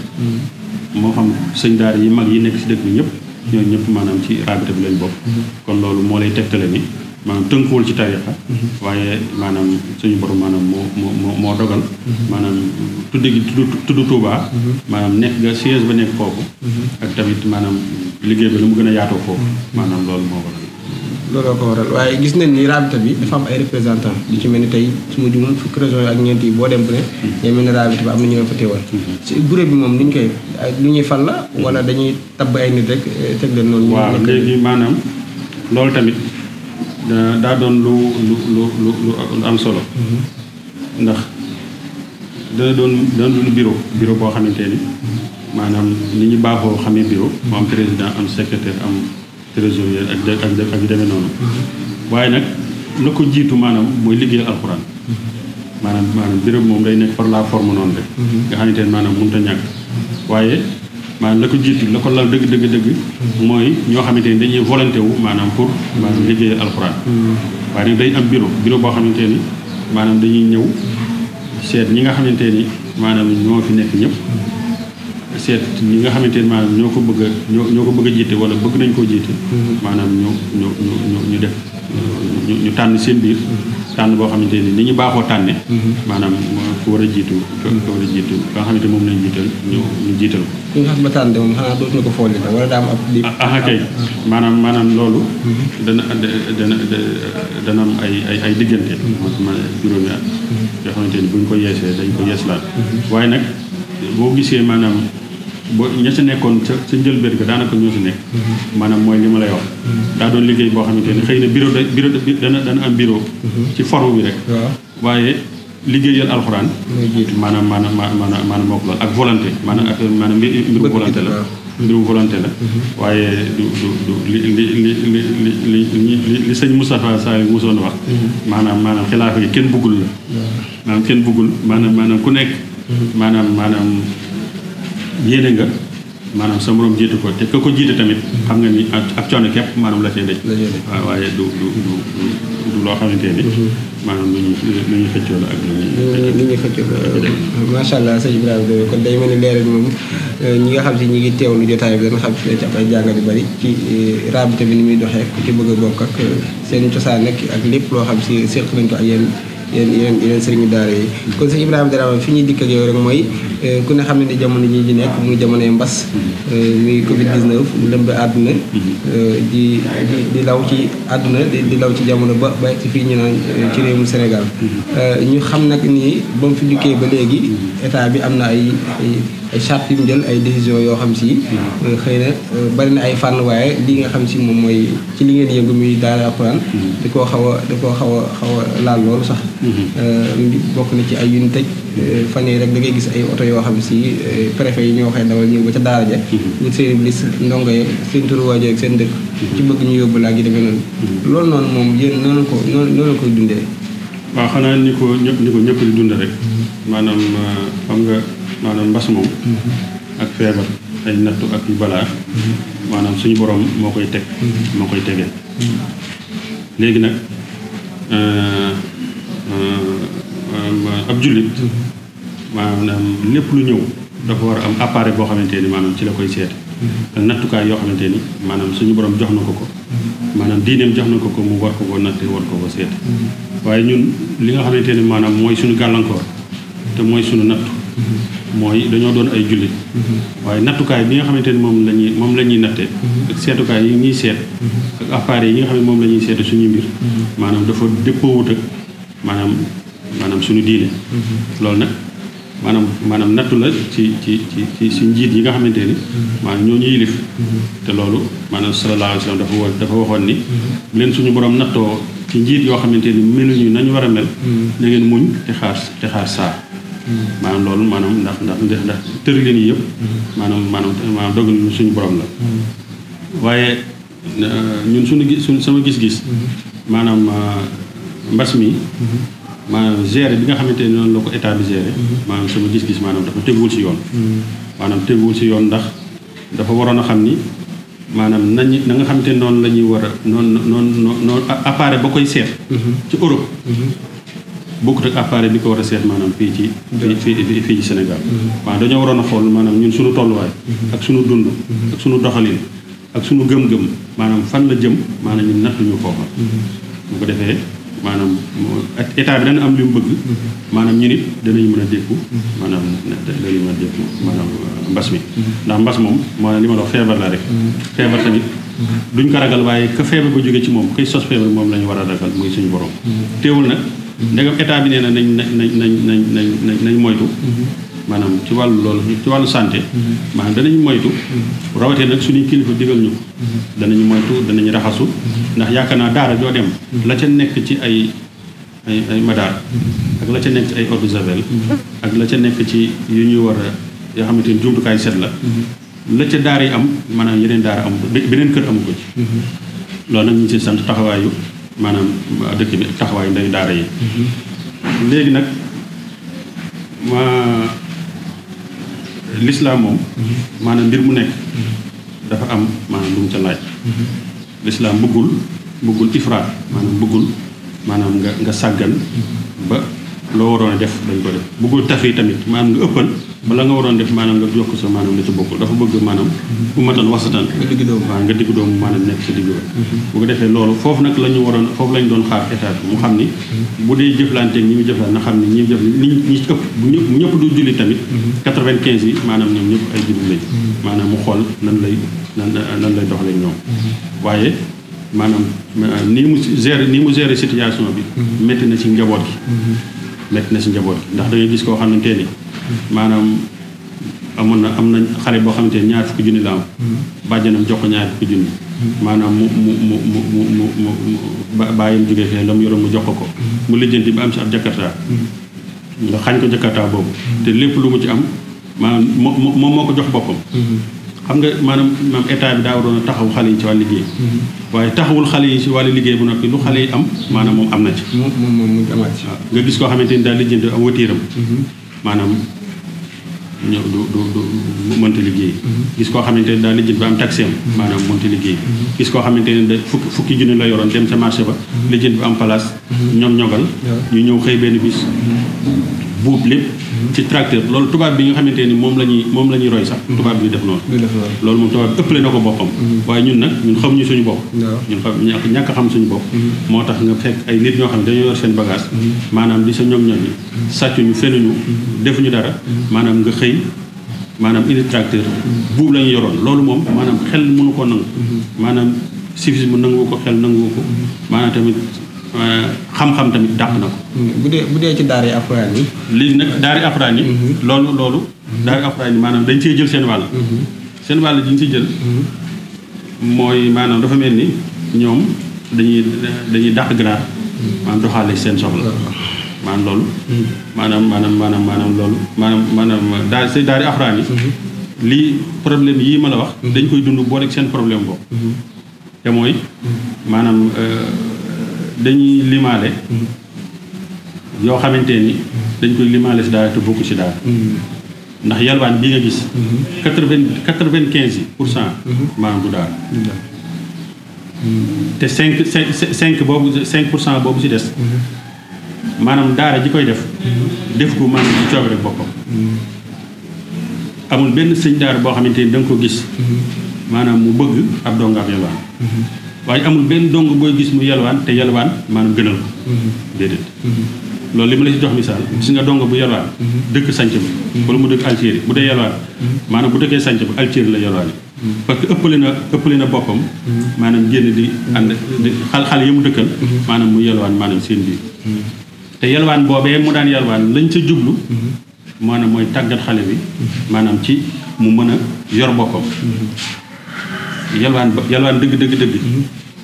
moo xam sëñ daar yi mag yi nekk si dëkk bi ñëpp. ñooñu ñëpp maanaam ci rabita bi lañ bokk. kon loolu moo lay tegtale ni. maanaam tënkuwul ci tarixa mhm. waaye maanaam suñu borom maanaam moo moo moo dogal mhm. maanaam tudde gi tudd tuubaa mhm. maanaam nekk nga siège ba nekk foofu ak tamit maanaam liggéey bi lu mu gën a yaatoo foofu maanaam loolu moo waral looloo ko waral waaye gis nañ ni rabita bi dafa am ay représentant lu ci mel ni tey su ma jumul fukki région yi ak ñeent boo dem bu ne day mel ni rabita bi am na ñu fa teewal si bureau bi moom ni ñu koy lu ñuy fal la wala dañuy tabb ay nit eh, teg leen noonu waaw léegi maanaam loolu tamit daa doon lu lu lu lu lu am solo. Mhm. ndax dana doon dana doon bureau bureau boo xamante ni maanaam ni ñu baaxoo xamee bureau. mu am président am secrétaire am trésorier ak ak ak yu demee noonu. Mhm. waaye nag la ko jiitu maanaam mooy liggéey alxuraan. Mhm. maanaam maanaam bureau bi moom day nekk par la forme noonu rek. nga xamante ne maanaam mënut a ñàkk waaye. maanaam la ko jiitu la ko lal dëgg dëgg dëgg mooy ñoo xamante ni dañuy volonté wu maanaam pour maanaam liggéey alxuraan waaye nag day am bureau bureau boo xamante ni maanaam dañuy ñëw seet ñi nga xamante ni maanaam ñoo fi nekk ñëpp seet ñi nga xamante ni maanaam ñoo ko bëgg ñoo ñoo ko bëgg jiite wala bëgg nañ koo jiite maanaam ñu ñu ñu ñu def ñu tànn seen biir mm-hmm. tànn boo xamante ni ni ñu baaxoo tànne mm-hmm. maanaam ku war a jiitu ku mm-hmm. war a jiitu loo xamante moom lañu jiital ñu ñu jiital ko ki nga xam ne moom xanaa dootuñu ko fooli tam wala daa am ab lii ah, ah kay ah, maanaam maanaam loolu dana dana dana am ay ay ay diggante ma juróomi at yoo xamante ni bu ko yeesee dañ ko yeeslaat waaye nag boo gisee maanaam boo ña ca nekkoon ca ca njëlbéen ga daanaka ñoo ci nekk. Mm-hmm. maanaam mooy li ma lay wax. Mm-hmm. daa doon liggéey boo xamante ne xëy na bureau da bureau dana dana am bureau. Mm-hmm. ci forme bi rek. waaye liggéeyal alxuraan. maanaam maanaam maanaam maanaam moo ko lool ak volonté maanaam affaire maanaam mbir mbiru volonté la. mbiru volonté la. waaye du du du li li li li li li li sëñ Moustapha Sall mosoon wax. maanaam maanaam xilaafa yi kenn bëggul la. maanaam kenn bëggul maanaam maanaam ku nekk. maanaam maanaam. yéene nga maanaam sa morom jiitu ko te ka ko jiite tamit xam nga ni ak coono képp maanaam la cee dëj waaw waaye du du du loo xamante ni mm-hmm. maanaam lu ñu lu ñu xëccoo la ak lu ñu mm-hmm. xëccoo la macha allah sa Ibrahima Dóobe kon day mel ni leeral moom eh, ñi nga xam si ñi ngi teewlu jotaay bi danga xam si la ci ay jàngat yu bari ci eh, rabita bi ni muy doxee ku ci bëgg a bokk ak eh, seen cosaan nekk ak lépp loo xam si séq nañ ko ak yéen yéen yéen yeneen sëriñu daara yi kon sëñ Ibrahima Dóobe fi ñuy dikk ak yow rek mooy Euh, ku ne xam ne ni jamono ji ñu nekk muy jamonoy mbas euh, muy covid 19 mu lëmbe àdduna euh, di di law ci àdduna di law ci jamono ba ba ci fii ñu naan ci réewum Sénégal ñu xam nag nii ba mu fi jukkee ba léegi état bi am na ay ay charte ay décision yoo xam si xëy na bari na ay fànn waaye li nga xam si moom mooy ci li ngeen yëngu muy daara alxuraan di ko xaw a di ko xaw a xaw a laal loolu sax mm-hmm. bokk na ci ay yu Euh, fan yii rek dangay gis ay oto yoo xam si euh, préfet yi ñoo xëy dawal ñëw ba ca daara ja mm-hmm. wut seen i liste ndongo yi seen turu ak seen dëkk mm-hmm. ci bëgg ñu yóbbu laa gi demee noonu mm-hmm. loolu noonu moom yéen noonu ko noonu noonu ko dundee waa xanaa ni ko ñëpp ni ko ñëpp di dund rek maanaam euh, xam nga maanaam mbas moom ak feebar ay nattu ak balaa maanaam suñu boroom moo koy teg moo koy tegee léegi nag maanaam euh, ab jullit mm-hmm. maanaam lépp lu ñëw dafa war am appareil boo xamante ni maanaam ci la koy seet mm-hmm. ak nattukaay yoo xamante ni maanaam suñu borom jox na ko ko mm-hmm. maanaam diineem jox na ko ko mu war ko ko natt waaye ñun li nga xamante ni maanaam mooy suñu gàllankoor te mooy suñu nattu mooy dañoo doon ay jullit waaye nattukaay bi nga xamante ni moom la ñuy moom la ñuy nattee ak seetukaay yi ñuy seet ak appareil yi nga xam ne moom la ñuy seete suñu mbir maanaam dafa dëppoowut ak maanaam maanaam suñu diine mhm. loolu nag maanaam maanaam nattu la ci ci ci ci si njiit yi nga xamante ni mhm. ñoo ñu yilif mhm. te loolu maanaam solo alayhi wasallam dafa dafa waxoon ni bu suñu borom nattoo ci njiit yoo xamante ni meluñu nañu war a mel ngeen muñ te xaar te xaar saa maanaam loolu maanaam ndax ndax ndax tër leen yëpp maanaam maanaam maanaam dogal suñu borom la ñun suñu gis suñ sama gis-gis ah, mbas mi maanaam gérer bi nga xamante ne noonu la ko état bi gérer. Mhm. maanaam sama gis-gis maanaam dafa teguwul ci yoon. Mhm. maanaam teguwul si yoon ndax dafa waroon a xam ni maanaam nañ na nga xamante ne noonu la ñuy war a noonu noonu noonu appareil ba koy seet. Mhm. ci Europe. bokkut ak appareil bi ko war a seet maanaam fii ci. fii fii ci Sénégal. waaw dañoo waroon a xool maanaam ñun suñu tolluwaay. ak suñu dund. ak suñu doxalin ak suñu gëm-gëm maanaam fan la jëm maanaam ñun nattuñu foofa. ko defee. maanaam état bi dana am li mu bëgg maanaam ñu nit danañu mën a dékku maanaam danañu mën a maanaam euh, mbas mi ndax mbas moom moo li ma wax feebar la rek feebar tamit duñ ko ragal waaye que feebar ba jógee ci moom kuy sos feebar moom la ñu war a ragal muy suñu borom mm-hmm. teewul nag ndegam état bi nee na nañ nañ nañ nañ nañ nañ nañ moytu maanaam ci wàllu loolu ci wàllu santé mm-hmm. maanaam danañu moytu mm-hmm. rawatee nag suñuy kilifa digal ñu ko mm-hmm. danañu moytu danañu raxasu ndax yaakaar naa daara joo dem la ca nekk ci ay ay ay madaar ak la ca nekk ay eau ak la ca nekk ci yu ñuy war a yoo xamante ni jumtukaay set la la ca daara yi am maanaam yeneen daara amu ko beneen kër amu ko ci loolu nag ñu ngi sant taxawaayu maanaam dëkk bi taxawaayu ndeyu daara yi léegi nag lislaam moom mhm. maanaam mbir mu nekk mhm. dafa am maanaam lu ca laaj mhm. lislaam bëggul bëggul ifraat maanaam bëggul maanaam nga sàggan ba loo waroon a def dañ ko def bëggul tax tamit maanaam nga ëppal bala nga waroon def maanaam nga yokk sa maanaam la ci bokkul dafa bëgg maanaam umatan wasatan waaw nga digg doomu maanaam nekk sa digg mhm. bu ko defee loolu foofu nag la ñu waroon foofu la doon xaar état bi mu xam ni bu dee ñi mu jëflante na xam ne ñi jëf ni ñi ëpp bu ñëpp ñëpp du julli tamit 95 mhm. yi maanaam ñoom ñëpp ay julli lañ mhm. maanaam mu xool lan lay lan lan lay doxalee ñoom waaye maanaam nii mu gérer nii mu gérer situation bi métti na ci njaboot gi métti na si njaboot gi ndax da ngay gis koo xamante ni maanaam amoon na am na xale boo xamante ni ñaar fukki junni la am mm-hmm. bàjjanam jox ko ñaar fukki junni mm-hmm. maanaam mu mu mu mu mu mu mu jóge jógee fee la mu yoroon mu jox ko mm-hmm. mu lijjanti ba am ci ab jakarta nga xañ ko jakarta boobu te lépp lu mu ci am maanaam moom moo ko jox boppam xam nga maanaam maam état bi daa waroon a taxaw xale yi ci wàll liggéey. Mm-hmm. waaye taxawul xale yi ci wàllu liggéey bu noppi lu xale yi am maanaam moom am na ci. moom moom moom amaat ci. nga gis koo xamante ni daal di jënd am watiiram. Mm-hmm. maanaam ñëw du du du mënta liggéey. Mm-hmm. gis koo xamante ni daal di jënd ba am taxi maanaam moom mënta liggéey. gis koo xamante ni da fukki fukki junni la yoroon dem ca marché ba. li jënd ba am place. ñoom ñogal. ñu ñëw xëy benn bis. buub lépp ci tracteur loolu tubaab bi ñu xamante ni moom la ñuy moom la ñuy roy sax mm-hmm. tubaab bi def noonu loolu moom tubaab bi ëppale na ko boppam mm-hmm. waaye ñun nag ñun xam ñu suñu bopp ñun xam ñàkk xam suñu bopp mm-hmm. moo tax nga fekk ay nit ñoo xam ne dañoo yor seen bagage maanaam li sa ñoom ñoom yi sàccuñu fenuñu defuñu dara maanaam nga xëy maanaam indi tracteur buub la ñu yoroon loolu moom maanaam xel mënu ko nangu maanaam civisme nangu ko xel nangu ko maanaam tamit xam-xam tamit dàq na ko. Mm, bu dee bu dee ci daara yi alxuraan yi. lii nag daara yi yi. Mm-hmm. loolu loolu. Mm-hmm. daara yi yi maanaam dañ cee jël seen wàll. Mm-hmm. seen wàll ji ñu ci jël. mooy maanaam dafa mel ni ñoom dañuy dañuy dàq garaar. maanaam doxaale seen soxla. maanaam loolu. maanaam maanaam maanaam maanaam loolu maanaam maanaam daal say daara yi alxuraan yi. lii problème yii ma la wax. dañ koy dund booleeg seen problème boobu. te mooy maanaam. Euh, dañuy limaale yoo xamante ni mm-hmm. dañ koy limaale si daara te bokku si daara mm-hmm. ndax yalwaan bi nga gis mm-hmm. quatre-vingt quatre-vingt-quinze pour cent maanaam du daara te cinq cinq boobu cinq pour cent boobu ci des maanaam daara ji koy def def ko maanaam ci coobare boppam amul benn sëñ daara boo xamante ni da ko gis maanaam mu bëgg ab dongaam yalwaan waaye amul ben dong booy gis mu yelwan te yalwaan maanaam gënal ko mhm. déedéet mhm. loolu li ma jox misaal mhm. gis nga dong bu yalwaan dëkk sanc bi wala mu mana Algérie bu dee yalwaan maanaam bu dëkkee sanc ba Algérie la yalwaan parce que ëppale mana ëppale mana boppam maanaam génn di ànd xal-xal yi mu mana maanaam mu yalwaan mana seen biir te yalwaan boobee mu daan yalwaan lañ sa jublu maanaam mooy tàggat xale bi maanaam ci mu mën yor boppam yalwaan ba yalwaan dëgg dëgg dëgg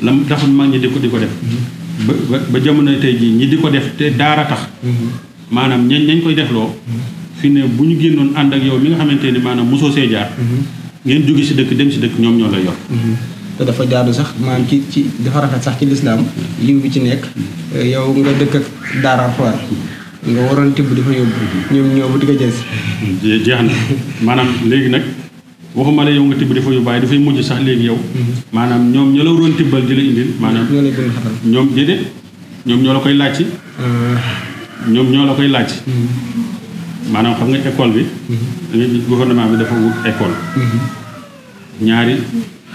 lam hmm. taxoon mag ñi di ko di ko def hmm. ba ba jamono tey jii ñi di ko def te daara tax hmm. maanaam ñañ ñañ koy defloo fi ne bu ñu génnoon ànd ak yow mi nga xamante ni maanaam mosoo see jaar ngeen jóge si dëkk dem si dëkk ñoom ñoo lay yor te dafa jaadu sax maanaam ci ci dafa rafet sax ci lislaam yiw bi ci nekk eh, yow nga dëkk ak daara alxuraan nga waral tibb di fa yóbbu ñoom ñoo bu di ko jeex na maanaam léegi nag waxuma la yow nga tibb dafa yóbbaay dafay mujj sax léegi yow mm-hmm. maanaam ñoom ñoo la waroon tibbal la indil maanaam ñoom déedéet ñoom ñoo koy laaj ah. ñoom ñoo la koy laaj mm-hmm. maanaam xam nga école bi mm-hmm. da ngay bi dafa wut école ñaari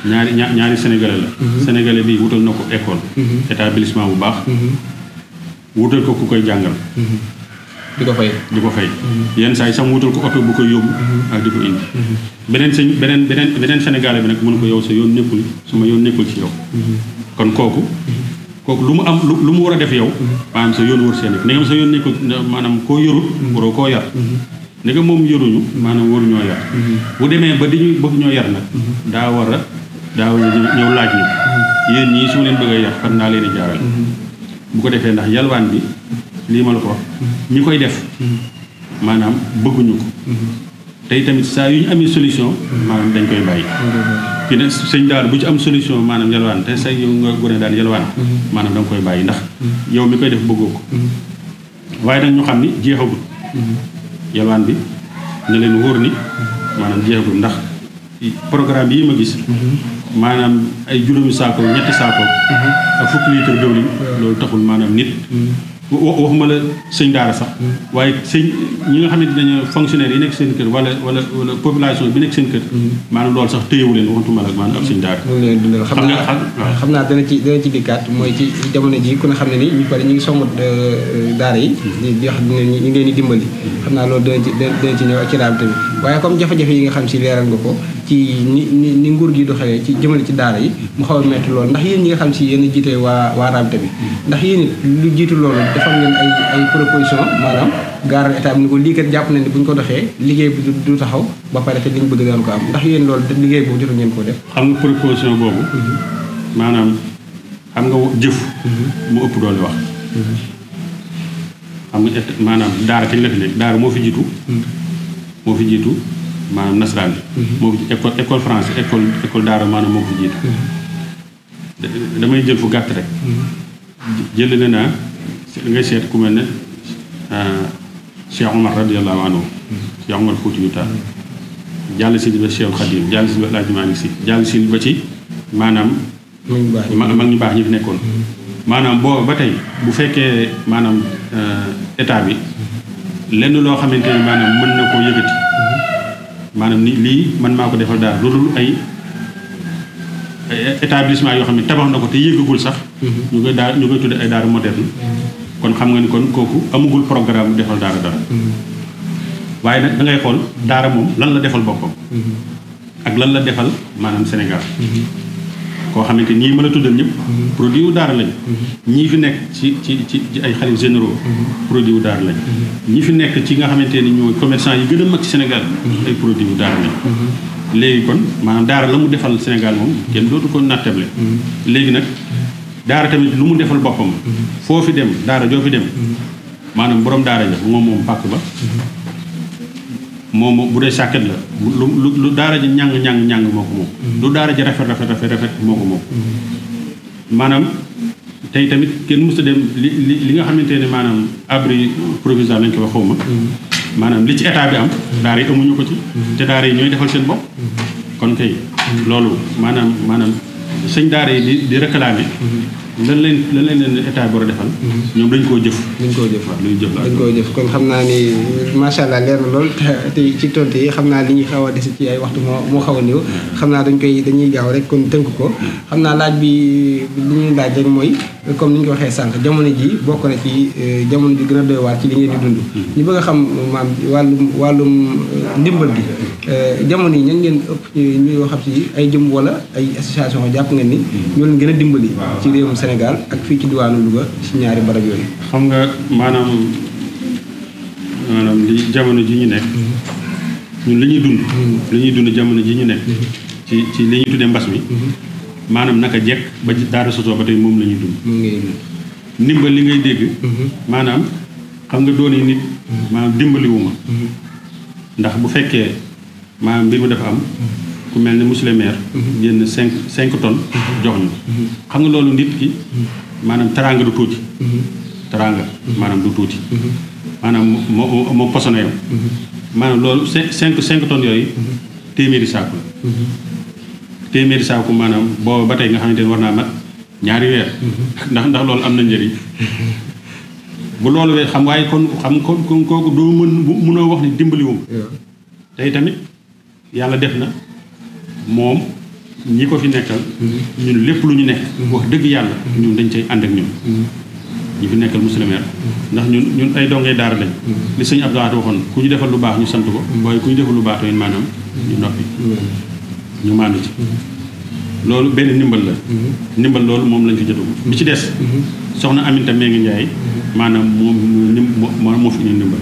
ñaari ñaari sénégalais la sénégalais bi wutal na ko école établissement bu baax wutal ko ku koy jàngal di ko fay di ko fay mhm. yenn saa yi sax wutal ko oto bu koy yóbbu mhm. ak ah, di ko indi mhm. beneen sëñ beneen beneen beneen sénégalais bi nag ko yow sa yoon nekkul sama yoon nekkul ci yow kon koku lumurade lu mu am lu mu war a def yow maanaam sa yoon wër seen def ndegam sa yoon nekkul maanaam koo yorut waroo koo yar ndegam moom yoruñu maanaam waru ñoo yar bu demee ba di bëgg ñoo yar laaj ñu su leen bëgg yar leen jaaral bu ko ndax yalwaan bi lii ma la ko mi ñi koy def maanaam bëgguñu ko tey tamit saa yu ñu amee solution maanaam dañ koy bàyyi ki ne sëñ daar bu ci am solution maanaam yalwaan te say yow nga gone daan yalwaan maanaam danga koy bàyyi ndax yow mi koy def bëggoo ko waaye nag ñu xam ni jeexagul yalwaan bi na leen wóor ni maanaam jeexagul ndax programme yi ma gis maanaam ay juróomi saako ñetti saako ak fukki litre diwlin loolu taxul maanaam nit waxuma la sëñ daara sax hmm. waaye sëñ ñi nga xam ne dañu fonctionnaire yi nekk seen kër wala wala wala population bi nekk seen kër hmm. maanaam loolu sax téyewu leen waxantuma la ak maanaam ab sëñ daara hmm. xam naa xam naa dana ci dana ci dikkaat mooy ci jamono ji ku ne xam ne ni ñu bari ñu ngi song euh, daara yi di wax ñu ngeen di dimbali xam naa loolu dana ci dana ci ñëw ak ci daal tamit waaye comme jafe-jafe yi nga xam si leeral nga ko ci ni ni nguur gi doxalee ci jëmale ci daara yi mu xaw a metti loolu ndax yéen ñi nga xam si yéen a jiite waa waa rabita bi ndax yéen lu jiitu loolu defal nga ay ay proposition maanaam gaaral état bi ni ko lii kat jàpp na ni bu ñu ko doxee liggéey bi du taxaw ba pare te li ñu bëgg daan ko am ndax yéen loolu liggéey boobu jotu ngeen koo def xam nga proposition boobu maanaam xam nga jëf mu ëpp doole wax xam nga maanaam daara kañ la fi daara moo fi jiitu hmm. moo fi jiitu maanaam nasaraan bi. Mhm. moo ko école école français école école daara maanaam moo ko jiitu. Mhm. damay jël fu gàtt rek. Mhm. jël na naa ngay seet ku mel ne euh, Cheikh Omar radiyallahu anhu. Cheikh Omar Foutiyou Tall. jàll si ba Cheikh Khadim jàll si ba El jàll si ba ci maanaam. mag ñu baax ñu fi nekkoon. maanaam booba ba tey bu fekkee maanaam euh, état bi lenn loo xamante ne maanaam mën na koo yëkkati. maanaam ni lii man maa ko defal daal loolu ay établissement yoo xam ne tabax na ko te yéegagul sax mhm. ñu koy daal ñu koy tudde ay daara moderne mhm. kon xam nga ni kon kooku amagul programme bu defal daara dara mhm. waaye nag da ngay xool daara moom lan la defal boppam ak lan la defal maanaam Sénégal koo xamante ñii mën a tuddal ñëpp mhm. produit wu daara lañ mhm. ñii fi nekk ci ci ci ay xalif généraux mhm. produit wu daara lañ ñi fi nekk ci nga xamante ni ñooy commerçant yi gën a mag ci Sénégal ay produit wu daara lañ léegi kon maanaam daara la mu defal Sénégal moom kenn dootu ko nattable léegi nag daara tamit lu mu defal boppam foo fi dem daara joo fi dem maanaam borom daara ja moom moom pàkk ba moom moom bu dee sàkket la lu lu lu daara ji ñàng ñàng ñàng moo ko moom. Mm-hmm. lu daara ji rafet rafet rafet rafet moo ko moom. Mm-hmm. maanaam tey tamit kenn mësta dem li li li nga xamante ne maanaam abri provisoire lañ ko wax xaw ma. Mm-hmm. maanaam li ci état bi am. daara yi amuñu ko ci. te daara yi ñooy defal seen bopp. kon kay. loolu maanaam maanaam sëñ daara yi di di réclamer. lan leen lan leen leen état bi war defal. Mhm. ñoom dañ koo jëf. dañ koo jëf waaw dañ jëf la dañ koo jëf kon xam naa ni macha allah leer na lool te ci tontu yi xam naa li ñuy xaw a dese ci ay waxtu moo moo xaw a néew. Hmm. xam naa dañ koy dañuy gaaw rek kon tënk ko. Hmm. xam naa laaj bi li ñuy laaj rek mooy comme ni ñu ko waxee sànq jamono ji bokk na ci euh, jamono ji gën a doy waar ci li ngeen di dund. Hmm. ñu bëgg a xam maam wàllum wàllum euh, ndimbal gi euh, jamono yi ñan ngeen ëpp ñuy yoo xam ci ay jëm wala ay association jàpp ngeen ni ñoo leen gën a dimbali ci réewum Sénégal ak fii ci diwaanu Louga si ñaari barab yooyu. xam nga maanaam maanaam li jamono ji ñu nekk. Mhm. ñun li ñuy dund. Mhm. li ñuy dund jamono ji ñu nekk. Mhm. ci ci li ñuy tuddee mbas mi. maanaam naka jekk ba daara sosoo ba tey moom la ñuy dund. ndimbal li ngay dégg. maanaam xam nga doon yi nit. maanaam ndax bu fekkee maanaam mbir mi dafa am. ku mel ni monsieur le maire. Mhm. génn cinq cinq tonnes mhm. jox ñu mhm. xam nga loolu nit ki maanaam teraanga du tuuti teraanga maanaam du tuuti maanaam moo moo posone yow maanaam loolu cinq cinq tonnes yooyu téeméeri saaku la téeméeri saaku maanaam booba ba tey nga xamante ne war naa mat ñaari weer ndax ndax loolu am na njëriñ bu loolu weer xam waaye kon xam kon kooku doo mën mënoo wax ni dimbaliwum tey tamit yàlla def na moom ñi ko fi nekkal ñun lépp lu ñu ne wax dëgg yàlla ñun dañ cay ànd ak ñun ñu fi nekkal monsieur ndax ñun ñun ay dongee daara lañ li sëñ Abdou Ahad waxoon ku ñu defal lu baax ñu sant ko waaye ku ñu defal lu baax tamit maanaam ñu noppi ñu maandu ci loolu benn ndimbal la ndimbal loolu moom lañ fi ko bi ci des soxna Aminta Mbengue Ndiaye maanaam moom moo moo fi indi ndimbal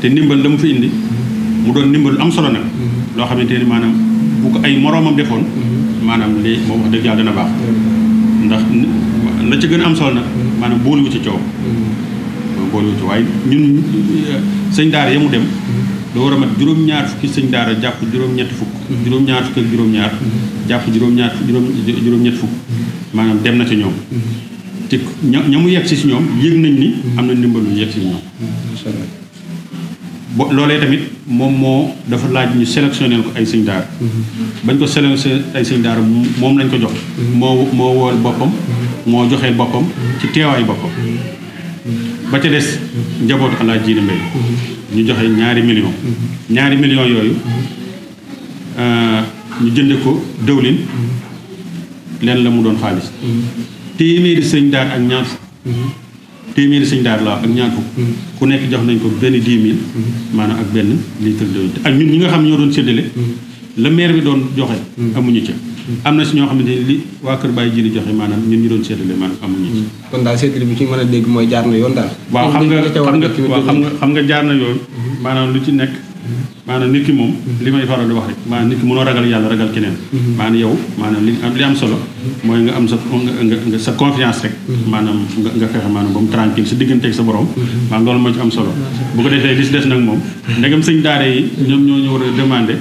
te ndimbal la mu fi indi mu doon ndimbal lu am solo nag loo xamante ni maanaam bu ko ay moroomam defoon mm-hmm. maanaam lii moom wax dëgg yàlla dana baax mm-hmm. ndax la ci gën a am solo nag mm-hmm. maanaam booliwu ci coow booliwu ci waaye ñun sëñ daara ya mu dem da war a mat juróom-ñaar fukki sëñ daara jàpp juróom-ñetti fukk juróom-ñaar fukk ak juróom-ñaar jàpp juróom-ñaar juróom juróom-ñetti fukk maanaam dem na ci ñoom te ña mu yegg si si ñoom yëg nañ ni am na ndimbalu yegg si si ñoom bo loolee tamit moom moo dafa laaj ñu sélectionnel ko ay sëñ daara mm-hmm. bañ ko sélectionné ay sëñ daara moom lañ ko jox mm-hmm. moo moo wool boppam mm-hmm. moo joxee boppam ci teewaay boppam ba ca des njabootu alaaj jiine mbay ñu joxe ñaari million ñaari million yooyu euh, ñu jënde ko dëwlin leen la mu doon xaalis téeméeri sëñ daar ak ñaar téeméeri sëñ daara la ak ñaar fukk mm-hmm. ku nekk jox nañ ko benn dix mille mm-hmm. maanaam ak benn litre d'eau ak ñun ñi nga xam ñoo doon séddale mm-hmm. la maire bi doon joxe amuñu ca am na si ñoo xam ne li waa Kër Baye Jili joxe maanaam ñun ñu doon séddale maanaam amuñu ci. kon daal séddale bi ci mën a dégg mooy jaar na yoon daal. waaw xam nga xam nga xam nga jaar na yoon. maanaam lu ci nekk. maanaam nit ki moom li may faral di wax rek maanaam nit ki mënoo ragal yàlla ragal keneen maanaam yow maanaam li am li am solo mooy nga am sa nga sa confiance rek maanaam nga nga fexe maanaam ba mu tranquille sa borom maanaam loolu moo ci am solo bu ko defee li si des nag moom ndegam sëñ daara yi ñoom ñoo ñu war a demandé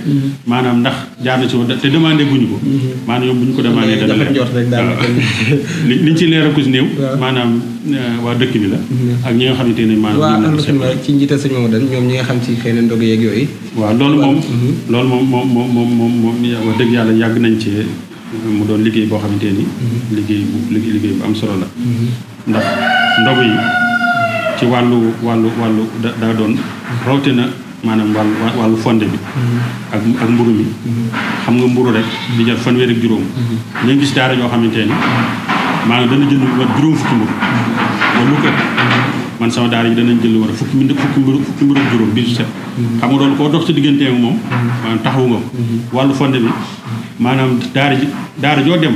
maanaam ndax jaar na ci woon te demandé guñu ko maanaam yow bu ñu ko demandé dana li liñ ci leer akus néew maanaam waa dëkk bi la mm-hmm. ak ñi nga xamante ne maanaam waa ci sëñ ñoom ñi nga xam ci xëy na ndog yeeg yooyu yooyu. waaw loolu moom mm-hmm. loolu moom moom moom moom moom wax dëgg yàlla yàgg nañ ci mu doon liggéey boo xamante ni. Mm-hmm. liggéey bu liggéey bu am solo la. Mm-hmm. ndax ndogu yi ci wàllu wàllu wàllu da daa doon rawatina maanaam wàllu wàllu fonde bi. ak ak mburu mi. xam nga mburu rek di jar fanweer ak juróom. ñu gis daara yoo xamante ni maanaam dana jënd lu mat juróom fukki mburu. man sama daara yi danañ jël war a fukki mbiru fukki mbiru fukki mbiru juróom bisu set mm-hmm. xam nga loolu koo dox ci diggante moom mm-hmm. maanaam taxawu nga ko mm-hmm. wàllu fonde bi maanaam daara ji daara joo dem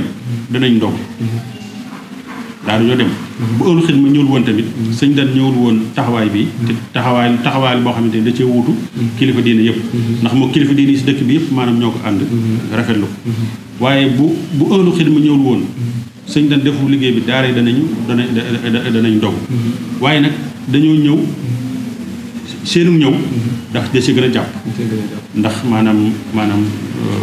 danañ ndog daara joo dem bu ëllu xidma ñëwul woon tamit sëñ dan ñëwul woon taxawaay bi te taxawaay taxawaay boo xamante ni da cee wuutu kilifa diine yëpp ndax moo kilifa diine yi si dëkk bi yëpp maanaam ñoo ko ànd rafetlu ko waaye bu bu ëllu xidma ñëwul woon sëñ dañ defu liggéey bi daara yi danañu danañ danañ dog mhm. waaye nag dañoo ñëw seenu ñëw mhm. ndax da si gën a jàpp ndax maanaam maanaam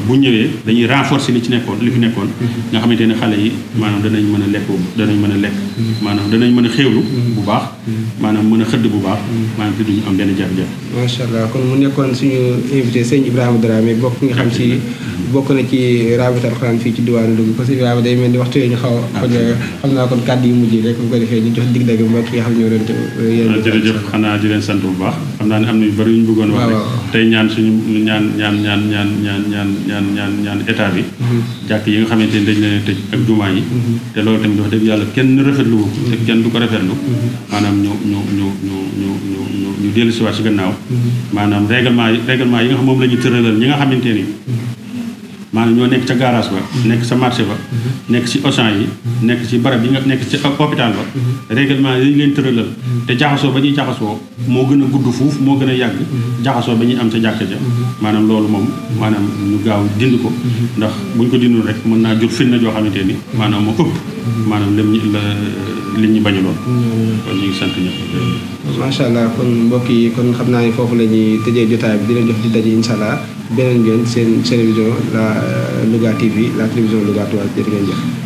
bu ñëwee dañuy renforcer li ci nekkoon li fi nekkoon mhm. nga xamante ne xale yi maanaam danañ mën a lekk danañ mën a lekk mhm. maanaam danañ mën a xéewlu mhm. bu baax maanaam mën a xëdd bu baax maanaam te duñu am benn jafe-jafe macha allah kon mu nekkoon suñu invité sëñ Ibrahima Dramé bokk xam ci bokk na ci raabita fii ci diwaanu Louga parce que Ibrahima day mel ni waxtu yi ñu xaw kon naa kon kàddu yu mujj rek bu ko defee ñu jox dig dëgg mbokk yi xam xanaa di leen sant bu baax xam naa ne am na yu bari yu ñu bëggoon wax rek tey ñaan suñu ñaan ñaan ñaan ñaan ñaan ñaan ñaan ñaan ñaan état bi mhm. jàkk yi nga xamante ni dañ leen tëj ak jumaa yi mhm. te loolu tamit wax dëgg yàlla kenn rafetlu ko mhm. te kenn du ko rafetlu maanaam ñu ñu ñu ñu ñu ñu ñu ñu dellu siwaat si gannaaw maanaam règlement règlement yi nga xam moom la ñu tëralal ñi xamante ni maanaam ñoo nekk ca garage ba mhm. nekk sa marché ba mhm. nekk ci Auchan yi mhm. nekk ci barab yi nga nekk ci hôpital ba règlement yi leen tëralal te jaxasoo ba ñuy jaxasoo moo gën a gudd fuuf moo gën a yàgg jaxasoo ba ñuy am ca jàkka ja maanaam loolu moom maanaam ñu gaaw dind ko ndax buñ ko dindul rek mën naa jur fitna joo xamante ni maanaam moo ëpp maanaam lem ñu la li ñu bañuloon kon ñu ngi sant ñëpp macha kon mbokk yi kon xam naa ne foofu la ñuy tëjee jotaay bi di leen jox di daje incha allah beneen yoon seen télévision la euh, Louga TV la télévision Louga 3 jërë ngeen jëf